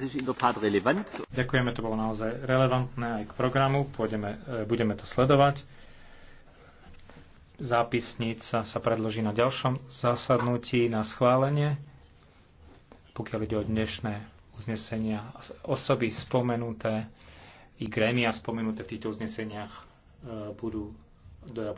Ďakujeme, to bolo naozaj relevantné aj k programu. Pôjdeme, e, budeme to sledovať. Zápisnica sa predloží na ďalšom zasadnutí na schválenie. Pokiaľ ide o dnešné uznesenia, osoby spomenuté i grémia spomenuté v týchto uzneseniach e, budú do